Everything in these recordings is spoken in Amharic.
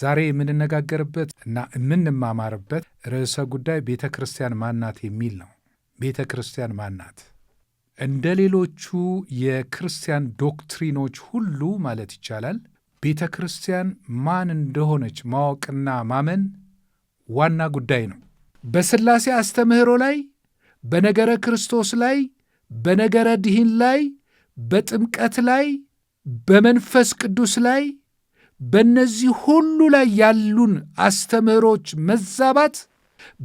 ዛሬ የምንነጋገርበት እና የምንማማርበት ርዕሰ ጉዳይ ቤተ ክርስቲያን ማናት የሚል ነው። ቤተ ክርስቲያን ማናት? እንደ ሌሎቹ የክርስቲያን ዶክትሪኖች ሁሉ ማለት ይቻላል ቤተ ክርስቲያን ማን እንደሆነች ማወቅና ማመን ዋና ጉዳይ ነው። በሥላሴ አስተምህሮ ላይ፣ በነገረ ክርስቶስ ላይ፣ በነገረ ድህን ላይ፣ በጥምቀት ላይ፣ በመንፈስ ቅዱስ ላይ በእነዚህ ሁሉ ላይ ያሉን አስተምህሮች መዛባት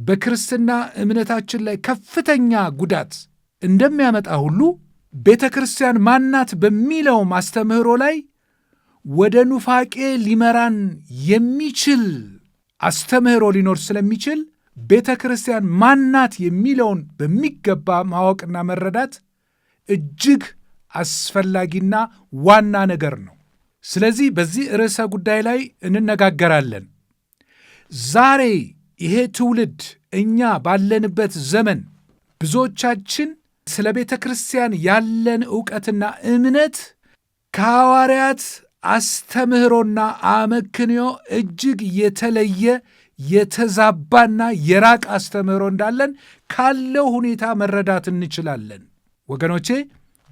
በክርስትና እምነታችን ላይ ከፍተኛ ጉዳት እንደሚያመጣ ሁሉ ቤተ ክርስቲያን ማናት በሚለውም አስተምህሮ ላይ ወደ ኑፋቄ ሊመራን የሚችል አስተምህሮ ሊኖር ስለሚችል ቤተ ክርስቲያን ማናት የሚለውን በሚገባ ማወቅና መረዳት እጅግ አስፈላጊና ዋና ነገር ነው። ስለዚህ በዚህ ርዕሰ ጉዳይ ላይ እንነጋገራለን። ዛሬ ይሄ ትውልድ እኛ ባለንበት ዘመን ብዙዎቻችን ስለ ቤተ ክርስቲያን ያለን ዕውቀትና እምነት ከሐዋርያት አስተምህሮና አመክንዮ እጅግ የተለየ የተዛባና የራቅ አስተምህሮ እንዳለን ካለው ሁኔታ መረዳት እንችላለን። ወገኖቼ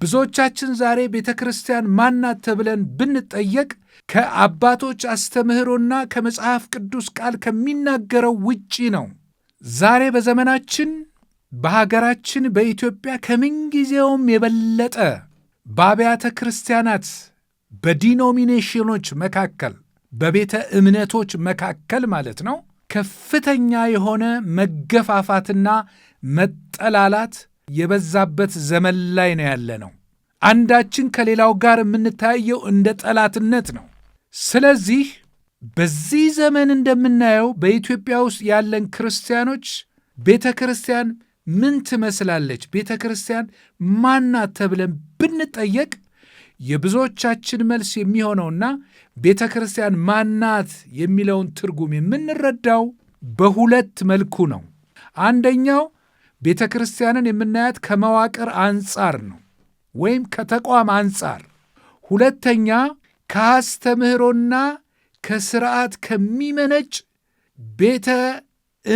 ብዙዎቻችን ዛሬ ቤተ ክርስቲያን ማናት ተብለን ብንጠየቅ ከአባቶች አስተምህሮና ከመጽሐፍ ቅዱስ ቃል ከሚናገረው ውጪ ነው። ዛሬ በዘመናችን በሀገራችን በኢትዮጵያ ከምንጊዜውም የበለጠ በአብያተ ክርስቲያናት፣ በዲኖሚኔሽኖች መካከል፣ በቤተ እምነቶች መካከል ማለት ነው ከፍተኛ የሆነ መገፋፋትና መጠላላት የበዛበት ዘመን ላይ ነው ያለ ነው። አንዳችን ከሌላው ጋር የምንታያየው እንደ ጠላትነት ነው። ስለዚህ በዚህ ዘመን እንደምናየው በኢትዮጵያ ውስጥ ያለን ክርስቲያኖች ቤተ ክርስቲያን ምን ትመስላለች፣ ቤተ ክርስቲያን ማናት ተብለን ብንጠየቅ የብዙዎቻችን መልስ የሚሆነውና ቤተ ክርስቲያን ማናት የሚለውን ትርጉም የምንረዳው በሁለት መልኩ ነው። አንደኛው ቤተ ክርስቲያንን የምናያት ከመዋቅር አንጻር ነው ወይም ከተቋም አንጻር። ሁለተኛ ከአስተምህሮና ከስርዓት ከሚመነጭ ቤተ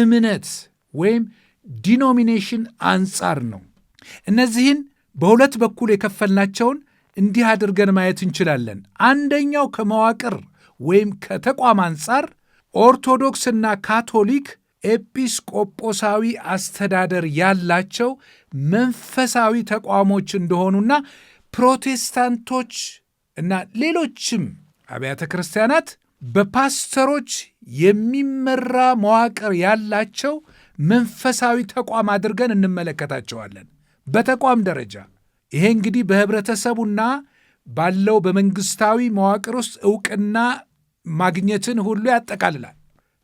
እምነት ወይም ዲኖሚኔሽን አንጻር ነው። እነዚህን በሁለት በኩል የከፈልናቸውን እንዲህ አድርገን ማየት እንችላለን። አንደኛው ከመዋቅር ወይም ከተቋም አንጻር ኦርቶዶክስና ካቶሊክ ኤጲስቆጶሳዊ አስተዳደር ያላቸው መንፈሳዊ ተቋሞች እንደሆኑና ፕሮቴስታንቶች እና ሌሎችም አብያተ ክርስቲያናት በፓስተሮች የሚመራ መዋቅር ያላቸው መንፈሳዊ ተቋም አድርገን እንመለከታቸዋለን። በተቋም ደረጃ ይሄ እንግዲህ በህብረተሰቡና ባለው በመንግስታዊ መዋቅር ውስጥ እውቅና ማግኘትን ሁሉ ያጠቃልላል።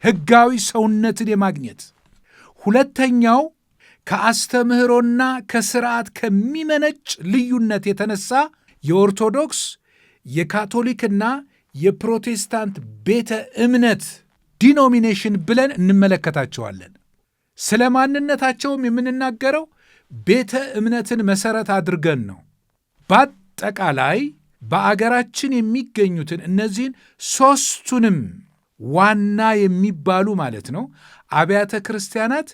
ሕጋዊ ሰውነትን የማግኘት ሁለተኛው ከአስተምህሮና ከስርዓት ከሚመነጭ ልዩነት የተነሳ የኦርቶዶክስ የካቶሊክና የፕሮቴስታንት ቤተ እምነት ዲኖሚኔሽን ብለን እንመለከታቸዋለን። ስለ ማንነታቸውም የምንናገረው ቤተ እምነትን መሠረት አድርገን ነው። በአጠቃላይ በአገራችን የሚገኙትን እነዚህን ሦስቱንም ዋና የሚባሉ ማለት ነው አብያተ ክርስቲያናት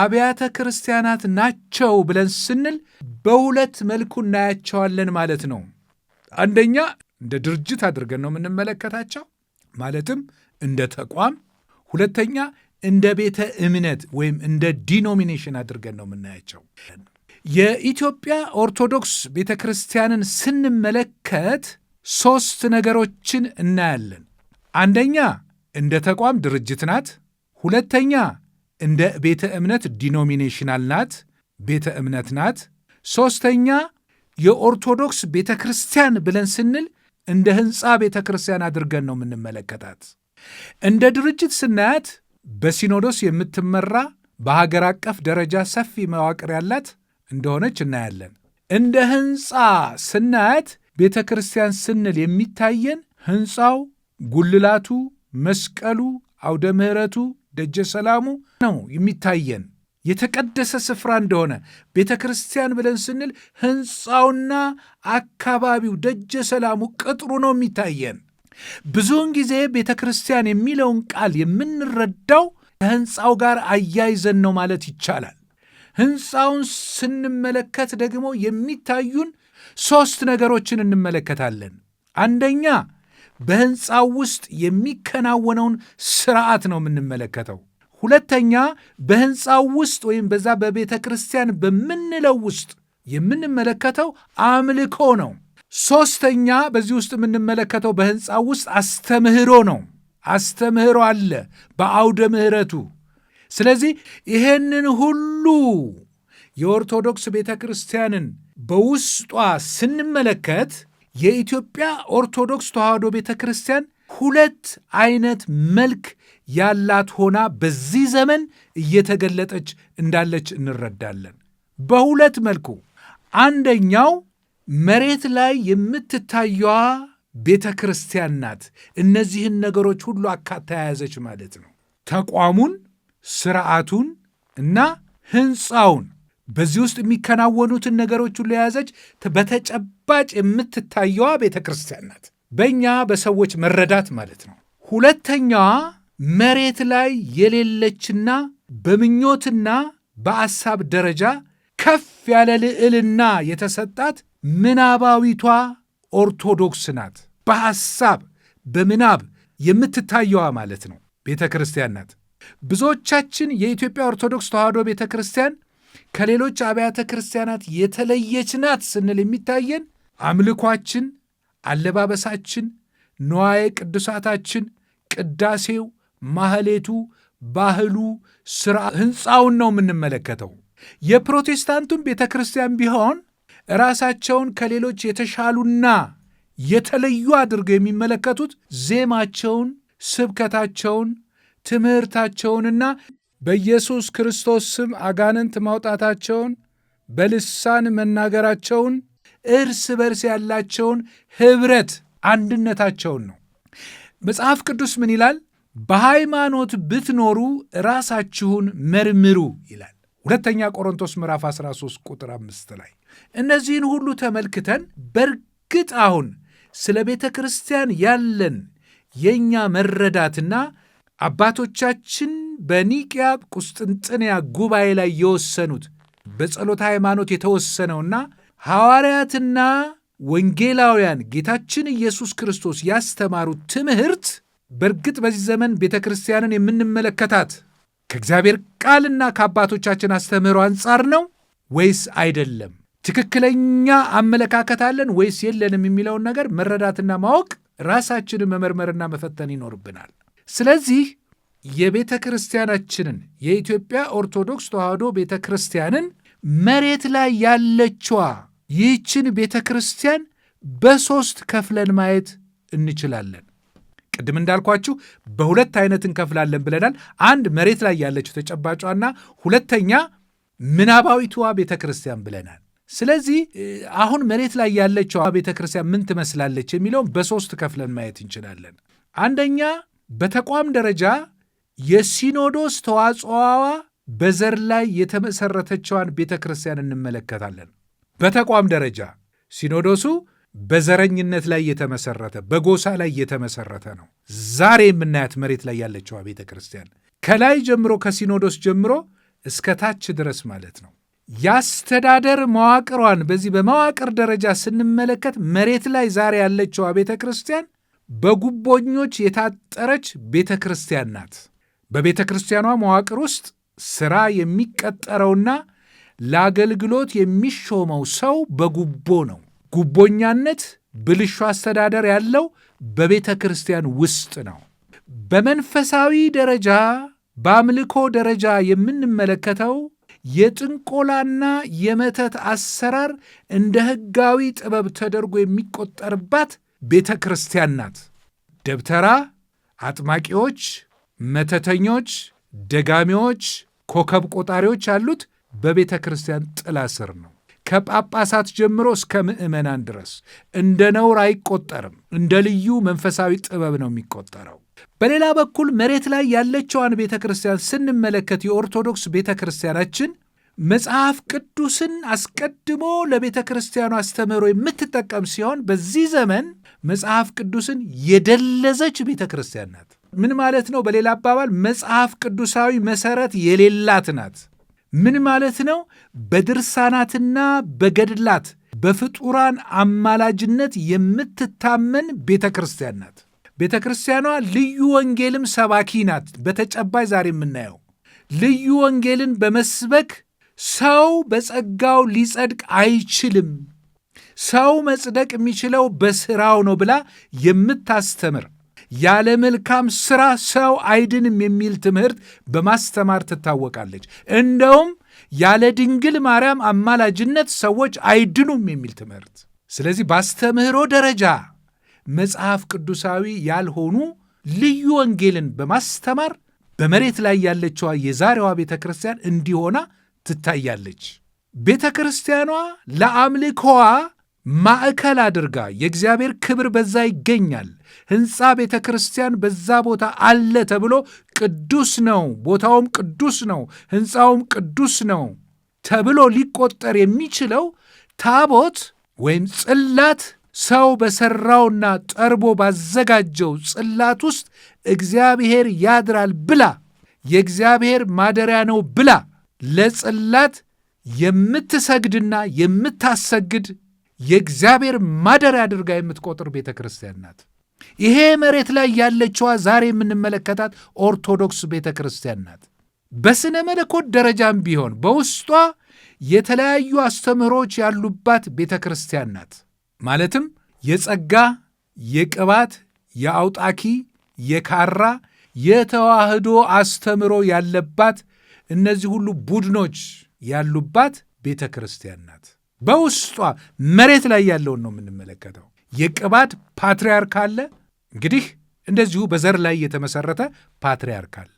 አብያተ ክርስቲያናት ናቸው ብለን ስንል በሁለት መልኩ እናያቸዋለን ማለት ነው። አንደኛ እንደ ድርጅት አድርገን ነው የምንመለከታቸው ማለትም እንደ ተቋም፣ ሁለተኛ እንደ ቤተ እምነት ወይም እንደ ዲኖሚኔሽን አድርገን ነው የምናያቸው። የኢትዮጵያ ኦርቶዶክስ ቤተ ክርስቲያንን ስንመለከት ሦስት ነገሮችን እናያለን። አንደኛ እንደ ተቋም ድርጅት ናት። ሁለተኛ እንደ ቤተ እምነት ዲኖሚኔሽናል ናት፣ ቤተ እምነት ናት። ሦስተኛ የኦርቶዶክስ ቤተ ክርስቲያን ብለን ስንል እንደ ሕንፃ ቤተ ክርስቲያን አድርገን ነው የምንመለከታት። እንደ ድርጅት ስናያት በሲኖዶስ የምትመራ በሀገር አቀፍ ደረጃ ሰፊ መዋቅር ያላት እንደሆነች እናያለን። እንደ ሕንፃ ስናያት ቤተ ክርስቲያን ስንል የሚታየን ሕንፃው፣ ጉልላቱ መስቀሉ፣ አውደ ምሕረቱ፣ ደጀ ሰላሙ ነው የሚታየን የተቀደሰ ስፍራ እንደሆነ ቤተ ክርስቲያን ብለን ስንል ሕንፃውና አካባቢው ደጀ ሰላሙ ቅጥሩ ነው የሚታየን። ብዙውን ጊዜ ቤተ ክርስቲያን የሚለውን ቃል የምንረዳው ከሕንፃው ጋር አያይዘን ነው ማለት ይቻላል። ሕንፃውን ስንመለከት ደግሞ የሚታዩን ሦስት ነገሮችን እንመለከታለን። አንደኛ በህንፃው ውስጥ የሚከናወነውን ስርዓት ነው የምንመለከተው። ሁለተኛ በህንፃው ውስጥ ወይም በዛ በቤተ ክርስቲያን በምንለው ውስጥ የምንመለከተው አምልኮ ነው። ሦስተኛ በዚህ ውስጥ የምንመለከተው በህንፃው ውስጥ አስተምህሮ ነው። አስተምህሮ አለ በአውደ ምሕረቱ። ስለዚህ ይሄንን ሁሉ የኦርቶዶክስ ቤተ ክርስቲያንን በውስጧ ስንመለከት የኢትዮጵያ ኦርቶዶክስ ተዋሕዶ ቤተ ክርስቲያን ሁለት አይነት መልክ ያላት ሆና በዚህ ዘመን እየተገለጠች እንዳለች እንረዳለን። በሁለት መልኩ አንደኛው መሬት ላይ የምትታየዋ ቤተ ክርስቲያን ናት። እነዚህን ነገሮች ሁሉ አካታ የያዘች ማለት ነው። ተቋሙን፣ ስርዓቱን እና ህንፃውን። በዚህ ውስጥ የሚከናወኑትን ነገሮች ሁሉ የያዘች በተጨባጭ የምትታየዋ ቤተ ክርስቲያን ናት፣ በእኛ በሰዎች መረዳት ማለት ነው። ሁለተኛዋ መሬት ላይ የሌለችና በምኞትና በአሳብ ደረጃ ከፍ ያለ ልዕልና የተሰጣት ምናባዊቷ ኦርቶዶክስ ናት። በሐሳብ በምናብ የምትታየዋ ማለት ነው ቤተ ክርስቲያን ናት። ብዙዎቻችን የኢትዮጵያ ኦርቶዶክስ ተዋሕዶ ቤተ ክርስቲያን ከሌሎች አብያተ ክርስቲያናት የተለየች ናት ስንል የሚታየን አምልኳችን፣ አለባበሳችን፣ ንዋየ ቅዱሳታችን፣ ቅዳሴው፣ ማህሌቱ፣ ባህሉ፣ ስራ፣ ህንፃውን ነው የምንመለከተው። የፕሮቴስታንቱም ቤተ ክርስቲያን ቢሆን ራሳቸውን ከሌሎች የተሻሉና የተለዩ አድርገው የሚመለከቱት ዜማቸውን፣ ስብከታቸውን፣ ትምህርታቸውንና በኢየሱስ ክርስቶስ ስም አጋንንት ማውጣታቸውን፣ በልሳን መናገራቸውን፣ እርስ በርስ ያላቸውን ኅብረት አንድነታቸውን ነው። መጽሐፍ ቅዱስ ምን ይላል? በሃይማኖት ብትኖሩ ራሳችሁን መርምሩ ይላል። ሁለተኛ ቆሮንቶስ ምዕራፍ 13 ቁጥር 5 ላይ እነዚህን ሁሉ ተመልክተን በእርግጥ አሁን ስለ ቤተ ክርስቲያን ያለን የእኛ መረዳትና አባቶቻችን በኒቅያ ቁስጥንጥንያ ጉባኤ ላይ የወሰኑት በጸሎት ሃይማኖት የተወሰነውና ሐዋርያትና ወንጌላውያን ጌታችን ኢየሱስ ክርስቶስ ያስተማሩት ትምህርት በእርግጥ በዚህ ዘመን ቤተ ክርስቲያንን የምንመለከታት ከእግዚአብሔር ቃልና ከአባቶቻችን አስተምህሮ አንጻር ነው ወይስ አይደለም? ትክክለኛ አመለካከት አለን ወይስ የለንም? የሚለውን ነገር መረዳትና ማወቅ ራሳችንን መመርመርና መፈተን ይኖርብናል። ስለዚህ የቤተ ክርስቲያናችንን የኢትዮጵያ ኦርቶዶክስ ተዋሕዶ ቤተ ክርስቲያንን መሬት ላይ ያለችዋ ይህችን ቤተ ክርስቲያን በሦስት ከፍለን ማየት እንችላለን። ቅድም እንዳልኳችሁ በሁለት አይነት እንከፍላለን ብለናል። አንድ መሬት ላይ ያለችው ተጨባጯና ሁለተኛ ምናባዊትዋ ቤተ ክርስቲያን ብለናል። ስለዚህ አሁን መሬት ላይ ያለችው ቤተ ክርስቲያን ምን ትመስላለች የሚለውን በሦስት ከፍለን ማየት እንችላለን። አንደኛ በተቋም ደረጃ የሲኖዶስ ተዋጽኦዋ በዘር ላይ የተመሰረተችዋን ቤተ ክርስቲያን እንመለከታለን። በተቋም ደረጃ ሲኖዶሱ በዘረኝነት ላይ የተመሰረተ በጎሳ ላይ የተመሰረተ ነው። ዛሬ የምናያት መሬት ላይ ያለችዋ ቤተ ክርስቲያን ከላይ ጀምሮ ከሲኖዶስ ጀምሮ እስከ ታች ድረስ ማለት ነው። የአስተዳደር መዋቅሯን በዚህ በመዋቅር ደረጃ ስንመለከት መሬት ላይ ዛሬ ያለችዋ ቤተ ክርስቲያን በጉቦኞች የታጠረች ቤተ ክርስቲያን ናት። በቤተ ክርስቲያኗ መዋቅር ውስጥ ሥራ የሚቀጠረውና ለአገልግሎት የሚሾመው ሰው በጉቦ ነው። ጉቦኛነት፣ ብልሹ አስተዳደር ያለው በቤተ ክርስቲያን ውስጥ ነው። በመንፈሳዊ ደረጃ በአምልኮ ደረጃ የምንመለከተው የጥንቆላና የመተት አሰራር እንደ ሕጋዊ ጥበብ ተደርጎ የሚቆጠርባት ቤተ ክርስቲያን ናት። ደብተራ አጥማቂዎች መተተኞች፣ ደጋሚዎች፣ ኮከብ ቆጣሪዎች ያሉት በቤተ ክርስቲያን ጥላ ስር ነው። ከጳጳሳት ጀምሮ እስከ ምዕመናን ድረስ እንደ ነውር አይቆጠርም። እንደ ልዩ መንፈሳዊ ጥበብ ነው የሚቆጠረው። በሌላ በኩል መሬት ላይ ያለችዋን ቤተ ክርስቲያን ስንመለከት የኦርቶዶክስ ቤተ ክርስቲያናችን መጽሐፍ ቅዱስን አስቀድሞ ለቤተ ክርስቲያኑ አስተምህሮ የምትጠቀም ሲሆን በዚህ ዘመን መጽሐፍ ቅዱስን የደለዘች ቤተ ክርስቲያን ናት። ምን ማለት ነው? በሌላ አባባል መጽሐፍ ቅዱሳዊ መሰረት የሌላት ናት። ምን ማለት ነው? በድርሳናትና በገድላት በፍጡራን አማላጅነት የምትታመን ቤተ ክርስቲያን ናት። ቤተ ክርስቲያኗ ልዩ ወንጌልም ሰባኪ ናት። በተጨባጭ ዛሬ የምናየው ልዩ ወንጌልን በመስበክ ሰው በጸጋው ሊጸድቅ አይችልም፣ ሰው መጽደቅ የሚችለው በሥራው ነው ብላ የምታስተምር ያለ መልካም ስራ ሰው አይድንም የሚል ትምህርት በማስተማር ትታወቃለች። እንደውም ያለ ድንግል ማርያም አማላጅነት ሰዎች አይድኑም የሚል ትምህርት። ስለዚህ በአስተምህሮ ደረጃ መጽሐፍ ቅዱሳዊ ያልሆኑ ልዩ ወንጌልን በማስተማር በመሬት ላይ ያለችዋ የዛሬዋ ቤተ ክርስቲያን እንዲሆና ትታያለች። ቤተ ክርስቲያኗ ለአምልኮዋ ማዕከል አድርጋ የእግዚአብሔር ክብር በዛ ይገኛል ህንፃ ቤተ ክርስቲያን በዛ ቦታ አለ ተብሎ ቅዱስ ነው፣ ቦታውም ቅዱስ ነው፣ ህንፃውም ቅዱስ ነው ተብሎ ሊቆጠር የሚችለው ታቦት ወይም ጽላት ሰው በሠራውና ጠርቦ ባዘጋጀው ጽላት ውስጥ እግዚአብሔር ያድራል ብላ የእግዚአብሔር ማደሪያ ነው ብላ ለጽላት የምትሰግድና የምታሰግድ የእግዚአብሔር ማደሪያ አድርጋ የምትቆጥር ቤተ ክርስቲያን ናት። ይሄ መሬት ላይ ያለችዋ ዛሬ የምንመለከታት ኦርቶዶክስ ቤተ ክርስቲያን ናት። በሥነ መለኮት ደረጃም ቢሆን በውስጧ የተለያዩ አስተምህሮች ያሉባት ቤተ ክርስቲያን ናት። ማለትም የጸጋ፣ የቅባት፣ የአውጣኪ፣ የካራ፣ የተዋህዶ አስተምህሮ ያለባት እነዚህ ሁሉ ቡድኖች ያሉባት ቤተ ክርስቲያን ናት። በውስጧ መሬት ላይ ያለውን ነው የምንመለከተው። የቅባት ፓትርያርክ አለ፣ እንግዲህ እንደዚሁ በዘር ላይ የተመሰረተ ፓትርያርክ አለ።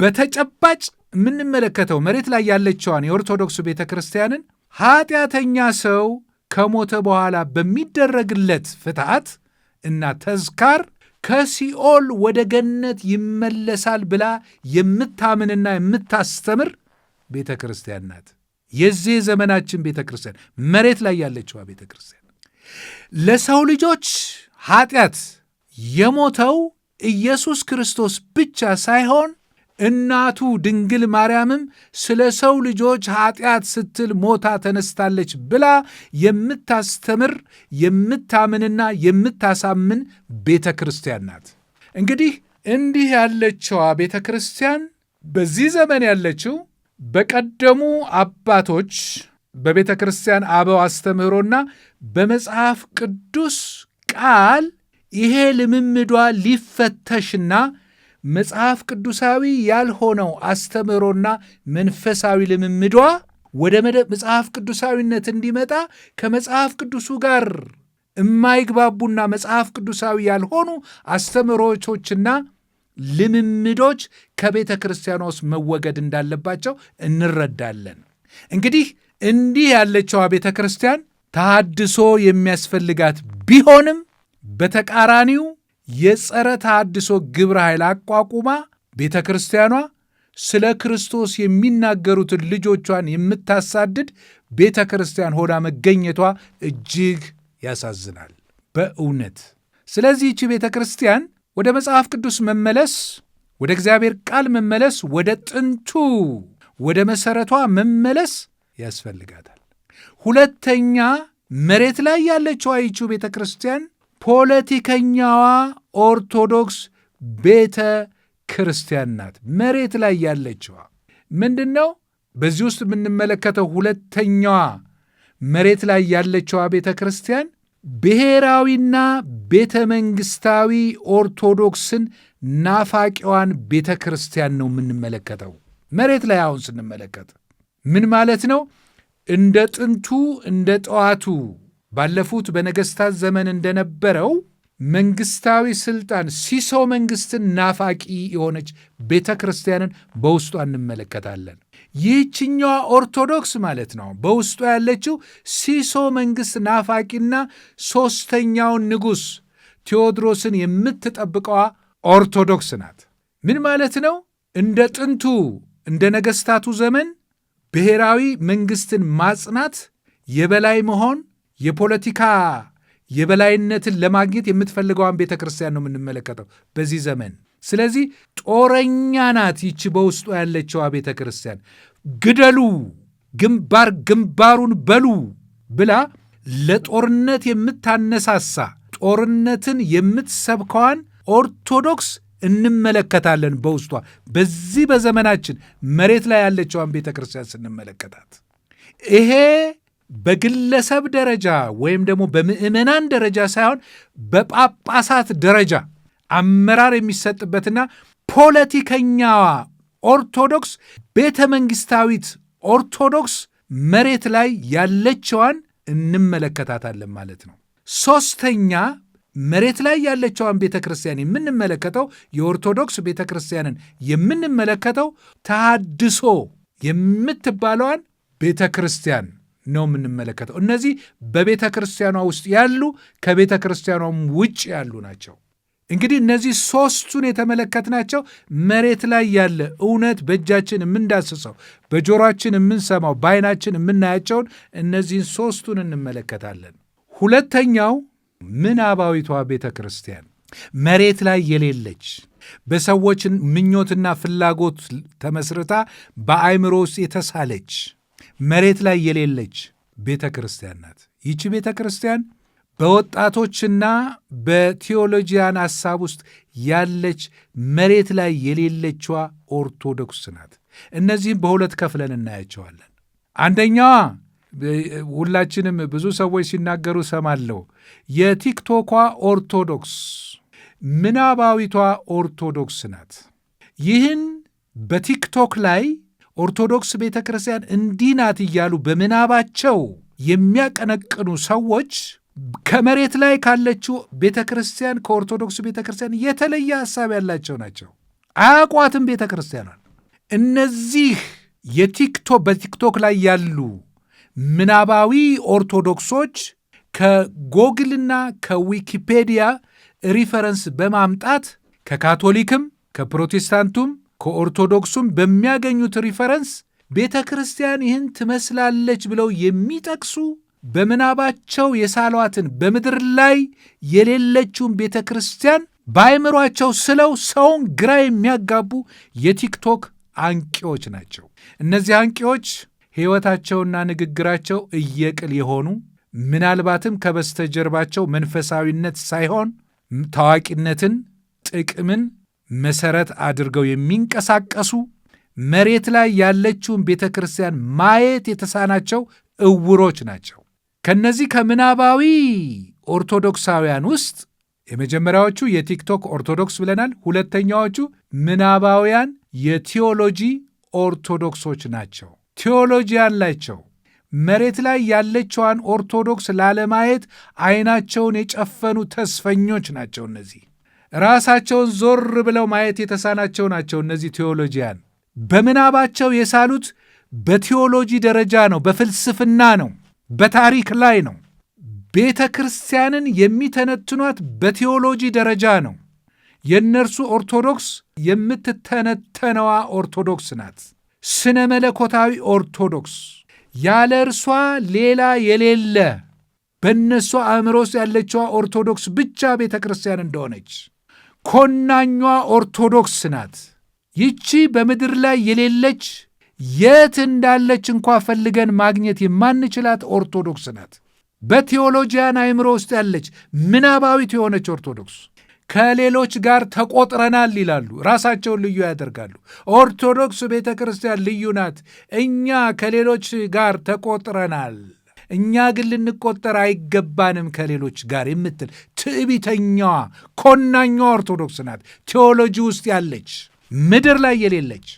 በተጨባጭ የምንመለከተው መሬት ላይ ያለችዋን የኦርቶዶክስ ቤተ ክርስቲያንን ኃጢአተኛ ሰው ከሞተ በኋላ በሚደረግለት ፍትሐት እና ተዝካር ከሲኦል ወደ ገነት ይመለሳል ብላ የምታምንና የምታስተምር ቤተ ክርስቲያን ናት። የዚህ ዘመናችን ቤተ ክርስቲያን መሬት ላይ ያለችዋ ቤተ ክርስቲያን ለሰው ልጆች ኃጢአት የሞተው ኢየሱስ ክርስቶስ ብቻ ሳይሆን እናቱ ድንግል ማርያምም ስለ ሰው ልጆች ኃጢአት ስትል ሞታ ተነስታለች ብላ የምታስተምር የምታምንና የምታሳምን ቤተ ክርስቲያን ናት። እንግዲህ እንዲህ ያለችዋ ቤተ ክርስቲያን በዚህ ዘመን ያለችው በቀደሙ አባቶች በቤተ ክርስቲያን አበው አስተምህሮና በመጽሐፍ ቅዱስ ቃል ይሄ ልምምዷ ሊፈተሽና መጽሐፍ ቅዱሳዊ ያልሆነው አስተምህሮና መንፈሳዊ ልምምዷ ወደ መጽሐፍ ቅዱሳዊነት እንዲመጣ ከመጽሐፍ ቅዱሱ ጋር የማይግባቡና መጽሐፍ ቅዱሳዊ ያልሆኑ አስተምህሮቶችና ልምምዶች ከቤተ ክርስቲያኗ ውስጥ መወገድ እንዳለባቸው እንረዳለን። እንግዲህ እንዲህ ያለችዋ ቤተ ክርስቲያን ተሃድሶ የሚያስፈልጋት ቢሆንም በተቃራኒው የጸረ ተሐድሶ ግብረ ኃይል አቋቁማ ቤተ ክርስቲያኗ ስለ ክርስቶስ የሚናገሩትን ልጆቿን የምታሳድድ ቤተ ክርስቲያን ሆና መገኘቷ እጅግ ያሳዝናል በእውነት። ስለዚህ ይቺ ቤተ ክርስቲያን ወደ መጽሐፍ ቅዱስ መመለስ፣ ወደ እግዚአብሔር ቃል መመለስ፣ ወደ ጥንቱ ወደ መሠረቷ መመለስ ያስፈልጋታል። ሁለተኛ መሬት ላይ ያለችው ይቺው ቤተ ክርስቲያን ፖለቲከኛዋ ኦርቶዶክስ ቤተ ክርስቲያን ናት። መሬት ላይ ያለችዋ ምንድን ነው? በዚህ ውስጥ የምንመለከተው ሁለተኛዋ መሬት ላይ ያለችዋ ቤተ ክርስቲያን ብሔራዊና ቤተ መንግሥታዊ ኦርቶዶክስን ናፋቂዋን ቤተ ክርስቲያን ነው የምንመለከተው። መሬት ላይ አሁን ስንመለከት ምን ማለት ነው? እንደ ጥንቱ እንደ ጠዋቱ ባለፉት በነገስታት ዘመን እንደነበረው መንግስታዊ ስልጣን ሲሶ መንግስትን ናፋቂ የሆነች ቤተ ክርስቲያንን በውስጧ እንመለከታለን። ይህችኛዋ ኦርቶዶክስ ማለት ነው በውስጧ ያለችው ሲሶ መንግስት ናፋቂና ሦስተኛውን ንጉሥ ቴዎድሮስን የምትጠብቀዋ ኦርቶዶክስ ናት። ምን ማለት ነው? እንደ ጥንቱ እንደ ነገሥታቱ ዘመን ብሔራዊ መንግስትን ማጽናት፣ የበላይ መሆን የፖለቲካ የበላይነትን ለማግኘት የምትፈልገዋን ቤተ ክርስቲያን ነው የምንመለከተው በዚህ ዘመን። ስለዚህ ጦረኛ ናት ይቺ በውስጡ ያለችዋ ቤተ ክርስቲያን። ግደሉ፣ ግንባር ግንባሩን በሉ ብላ ለጦርነት የምታነሳሳ ጦርነትን የምትሰብከዋን ኦርቶዶክስ እንመለከታለን በውስጧ በዚህ በዘመናችን መሬት ላይ ያለችዋን ቤተ ክርስቲያን ስንመለከታት ይሄ በግለሰብ ደረጃ ወይም ደግሞ በምዕመናን ደረጃ ሳይሆን በጳጳሳት ደረጃ አመራር የሚሰጥበትና ፖለቲከኛዋ ኦርቶዶክስ ቤተ መንግስታዊት ኦርቶዶክስ መሬት ላይ ያለችዋን እንመለከታታለን ማለት ነው። ሶስተኛ መሬት ላይ ያለችዋን ቤተ ክርስቲያን የምንመለከተው የኦርቶዶክስ ቤተ ክርስቲያንን የምንመለከተው ተሃድሶ የምትባለዋን ቤተ ክርስቲያን ነው የምንመለከተው። እነዚህ በቤተ ክርስቲያኗ ውስጥ ያሉ ከቤተ ክርስቲያኗም ውጭ ያሉ ናቸው። እንግዲህ እነዚህ ሦስቱን የተመለከትናቸው መሬት ላይ ያለ እውነት በእጃችን የምንዳስሰው፣ በጆሮአችን የምንሰማው፣ በዓይናችን የምናያቸውን እነዚህን ሦስቱን እንመለከታለን። ሁለተኛው ምናባዊቷ ቤተ ክርስቲያን መሬት ላይ የሌለች በሰዎች ምኞትና ፍላጎት ተመስርታ በአእምሮ ውስጥ የተሳለች መሬት ላይ የሌለች ቤተ ክርስቲያን ናት። ይቺ ቤተ ክርስቲያን በወጣቶችና በቴዎሎጂያን ሐሳብ ውስጥ ያለች መሬት ላይ የሌለችዋ ኦርቶዶክስ ናት። እነዚህም በሁለት ከፍለን እናያቸዋለን። አንደኛዋ ሁላችንም ብዙ ሰዎች ሲናገሩ ሰማለሁ። የቲክቶኳ ኦርቶዶክስ ምናባዊቷ ኦርቶዶክስ ናት። ይህን በቲክቶክ ላይ ኦርቶዶክስ ቤተ ክርስቲያን እንዲህ ናት እያሉ በምናባቸው የሚያቀነቅኑ ሰዎች ከመሬት ላይ ካለችው ቤተ ክርስቲያን ከኦርቶዶክስ ቤተ ክርስቲያን የተለየ ሀሳብ ያላቸው ናቸው። አያቋትም ቤተ ክርስቲያኗን። እነዚህ የቲክቶክ በቲክቶክ ላይ ያሉ ምናባዊ ኦርቶዶክሶች ከጎግልና ከዊኪፔዲያ ሪፈረንስ በማምጣት ከካቶሊክም ከፕሮቴስታንቱም ከኦርቶዶክሱም በሚያገኙት ሪፈረንስ ቤተ ክርስቲያን ይህን ትመስላለች ብለው የሚጠቅሱ በምናባቸው የሳሏትን በምድር ላይ የሌለችውን ቤተ ክርስቲያን በአይምሯቸው ስለው ሰውን ግራ የሚያጋቡ የቲክቶክ አንቂዎች ናቸው። እነዚህ አንቂዎች ሕይወታቸውና ንግግራቸው እየቅል የሆኑ ምናልባትም ከበስተጀርባቸው መንፈሳዊነት ሳይሆን ታዋቂነትን፣ ጥቅምን መሰረት አድርገው የሚንቀሳቀሱ መሬት ላይ ያለችውን ቤተ ክርስቲያን ማየት የተሳናቸው እውሮች ናቸው። ከነዚህ ከምናባዊ ኦርቶዶክሳውያን ውስጥ የመጀመሪያዎቹ የቲክቶክ ኦርቶዶክስ ብለናል። ሁለተኛዎቹ ምናባውያን የቴዎሎጂ ኦርቶዶክሶች ናቸው። ቴዎሎጂ ያላቸው መሬት ላይ ያለችዋን ኦርቶዶክስ ላለማየት አይናቸውን የጨፈኑ ተስፈኞች ናቸው እነዚህ ራሳቸውን ዞር ብለው ማየት የተሳናቸው ናቸው። እነዚህ ቴዎሎጂያን በምናባቸው የሳሉት በቴዎሎጂ ደረጃ ነው፣ በፍልስፍና ነው፣ በታሪክ ላይ ነው። ቤተ ክርስቲያንን የሚተነትኗት በቴዎሎጂ ደረጃ ነው። የእነርሱ ኦርቶዶክስ የምትተነተነዋ ኦርቶዶክስ ናት፣ ስነ መለኮታዊ ኦርቶዶክስ ያለ እርሷ ሌላ የሌለ በእነሷ አእምሮ ውስጥ ያለችዋ ኦርቶዶክስ ብቻ ቤተ ክርስቲያን እንደሆነች ኮናኟ ኦርቶዶክስ ናት። ይቺ በምድር ላይ የሌለች የት እንዳለች እንኳ ፈልገን ማግኘት የማንችላት ኦርቶዶክስ ናት። በቴዎሎጂያን አይምሮ ውስጥ ያለች ምናባዊት የሆነች ኦርቶዶክስ ከሌሎች ጋር ተቆጥረናል ይላሉ። ራሳቸውን ልዩ ያደርጋሉ። ኦርቶዶክስ ቤተ ክርስቲያን ልዩ ናት። እኛ ከሌሎች ጋር ተቆጥረናል እኛ ግን ልንቆጠር አይገባንም ከሌሎች ጋር የምትል ትዕቢተኛዋ ኮናኛዋ ኦርቶዶክስ ናት። ቴዎሎጂ ውስጥ ያለች ምድር ላይ የሌለች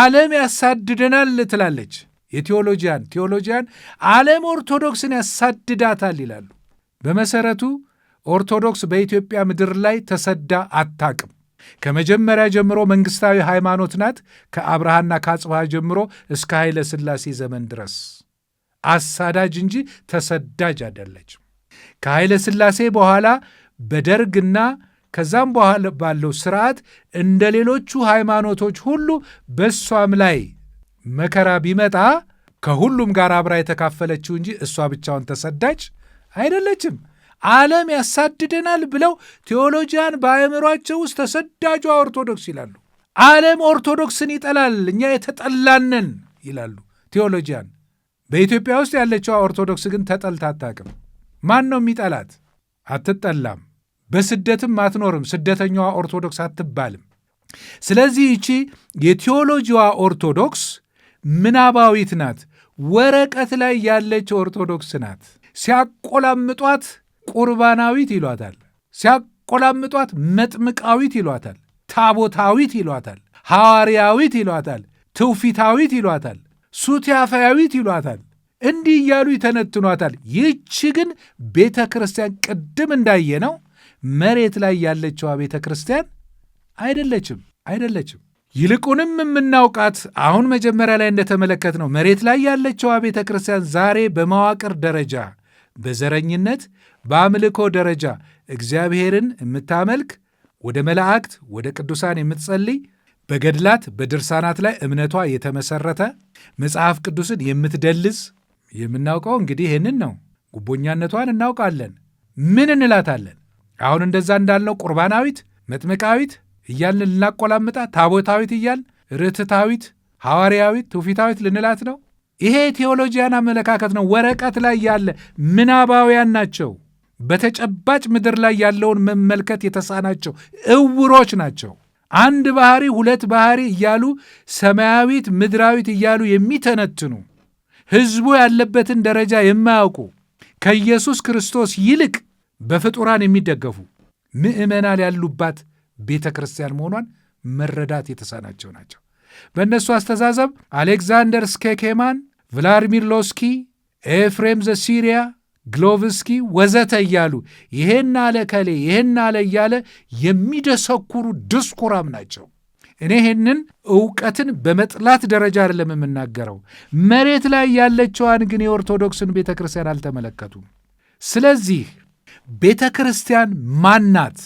ዓለም ያሳድደናል ትላለች። የቴዎሎጂያን ቴዎሎጂያን ዓለም ኦርቶዶክስን ያሳድዳታል ይላሉ። በመሰረቱ ኦርቶዶክስ በኢትዮጵያ ምድር ላይ ተሰዳ አታቅም። ከመጀመሪያ ጀምሮ መንግሥታዊ ሃይማኖት ናት። ከአብርሃና ከአጽብሃ ጀምሮ እስከ ኃይለ ሥላሴ ዘመን ድረስ አሳዳጅ እንጂ ተሰዳጅ አይደለችም። ከኃይለ ሥላሴ በኋላ በደርግና ከዛም በኋላ ባለው ስርዓት እንደ ሌሎቹ ሃይማኖቶች ሁሉ በእሷም ላይ መከራ ቢመጣ ከሁሉም ጋር አብራ የተካፈለችው እንጂ እሷ ብቻውን ተሰዳጅ አይደለችም። ዓለም ያሳድደናል ብለው ቴዎሎጂያን በአእምሯቸው ውስጥ ተሰዳጇ ኦርቶዶክስ ይላሉ። ዓለም ኦርቶዶክስን ይጠላል፣ እኛ የተጠላንን ይላሉ ቴዎሎጂያን። በኢትዮጵያ ውስጥ ያለችዋ ኦርቶዶክስ ግን ተጠልታ አታውቅም። ማን ነው የሚጠላት? አትጠላም። በስደትም አትኖርም። ስደተኛዋ ኦርቶዶክስ አትባልም። ስለዚህ ይቺ የቴዎሎጂዋ ኦርቶዶክስ ምናባዊት ናት። ወረቀት ላይ ያለች ኦርቶዶክስ ናት። ሲያቆላምጧት ቁርባናዊት ይሏታል። ሲያቆላምጧት መጥምቃዊት ይሏታል። ታቦታዊት ይሏታል። ሐዋርያዊት ይሏታል። ትውፊታዊት ይሏታል። ሱቲያፋያዊት ይሏታል። እንዲህ እያሉ ይተነትኗታል። ይህች ግን ቤተ ክርስቲያን ቅድም እንዳየ ነው መሬት ላይ ያለችዋ ቤተ ክርስቲያን አይደለችም አይደለችም። ይልቁንም የምናውቃት አሁን መጀመሪያ ላይ እንደተመለከት ነው መሬት ላይ ያለችዋ ቤተ ክርስቲያን ዛሬ በመዋቅር ደረጃ በዘረኝነት በአምልኮ ደረጃ እግዚአብሔርን የምታመልክ ወደ መላእክት ወደ ቅዱሳን የምትጸልይ በገድላት በድርሳናት ላይ እምነቷ የተመሰረተ መጽሐፍ ቅዱስን የምትደልዝ የምናውቀው እንግዲህ ይህንን ነው። ጉቦኛነቷን እናውቃለን። ምን እንላታለን? አሁን እንደዛ እንዳልነው ቁርባናዊት፣ መጥምቃዊት እያልን ልናቆላምጣ፣ ታቦታዊት እያል ርትታዊት፣ ሐዋርያዊት፣ ትውፊታዊት ልንላት ነው። ይሄ ቴዎሎጂያን አመለካከት ነው። ወረቀት ላይ ያለ ምናባውያን ናቸው። በተጨባጭ ምድር ላይ ያለውን መመልከት የተሳናቸው እውሮች ናቸው። አንድ ባህሪ ሁለት ባህሪ እያሉ ሰማያዊት ምድራዊት እያሉ የሚተነትኑ ህዝቡ ያለበትን ደረጃ የማያውቁ ከኢየሱስ ክርስቶስ ይልቅ በፍጡራን የሚደገፉ ምእመናል ያሉባት ቤተ ክርስቲያን መሆኗን መረዳት የተሳናቸው ናቸው። በእነሱ አስተዛዘብ አሌክዛንደር ስኬኬማን፣ ቭላድሚር ሎስኪ፣ ኤፍሬም ዘሲሪያ ግሎቭስኪ ወዘተ እያሉ ይሄን አለ ከሌ ይሄን አለ እያለ የሚደሰኩሩ ድስኩራም ናቸው። እኔ ይህንን እውቀትን በመጥላት ደረጃ አይደለም የምናገረው። መሬት ላይ ያለችዋን ግን የኦርቶዶክስን ቤተ ክርስቲያን አልተመለከቱም። ስለዚህ ቤተ ክርስቲያን ማናት?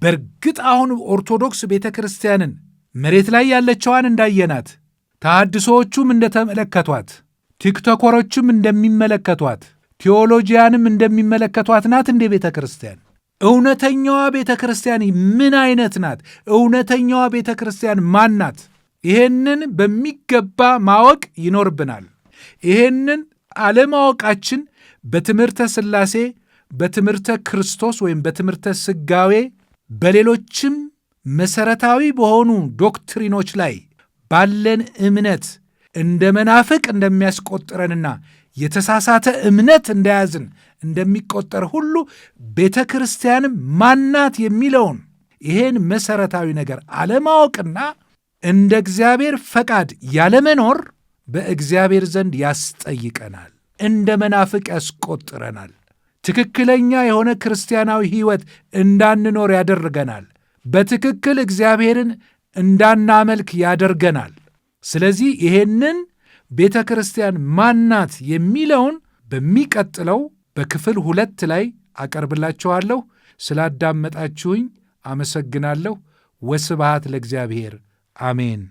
በእርግጥ አሁን ኦርቶዶክስ ቤተ ክርስቲያንን መሬት ላይ ያለችዋን እንዳየናት፣ ተሐድሶዎቹም እንደተመለከቷት፣ ቲክቶኮሮቹም እንደሚመለከቷት ቴዎሎጂያንም እንደሚመለከቷት ናት እንደ ቤተ ክርስቲያን። እውነተኛዋ ቤተ ክርስቲያን ምን አይነት ናት? እውነተኛዋ ቤተ ክርስቲያን ማን ናት? ይሄንን በሚገባ ማወቅ ይኖርብናል። ይሄንን አለማወቃችን በትምህርተ ሥላሴ፣ በትምህርተ ክርስቶስ ወይም በትምህርተ ሥጋዌ፣ በሌሎችም መሠረታዊ በሆኑ ዶክትሪኖች ላይ ባለን እምነት እንደ መናፍቅ እንደሚያስቆጥረንና የተሳሳተ እምነት እንደያዝን እንደሚቆጠር ሁሉ ቤተ ክርስቲያንም ማናት የሚለውን ይሄን መሰረታዊ ነገር አለማወቅና እንደ እግዚአብሔር ፈቃድ ያለመኖር በእግዚአብሔር ዘንድ ያስጠይቀናል፣ እንደ መናፍቅ ያስቆጥረናል። ትክክለኛ የሆነ ክርስቲያናዊ ሕይወት እንዳንኖር ያደርገናል። በትክክል እግዚአብሔርን እንዳናመልክ ያደርገናል። ስለዚህ ይሄንን ቤተ ክርስቲያን ማናት የሚለውን በሚቀጥለው በክፍል ሁለት ላይ አቀርብላችኋለሁ። ስላዳመጣችሁኝ አመሰግናለሁ። ወስብሐት ለእግዚአብሔር። አሜን።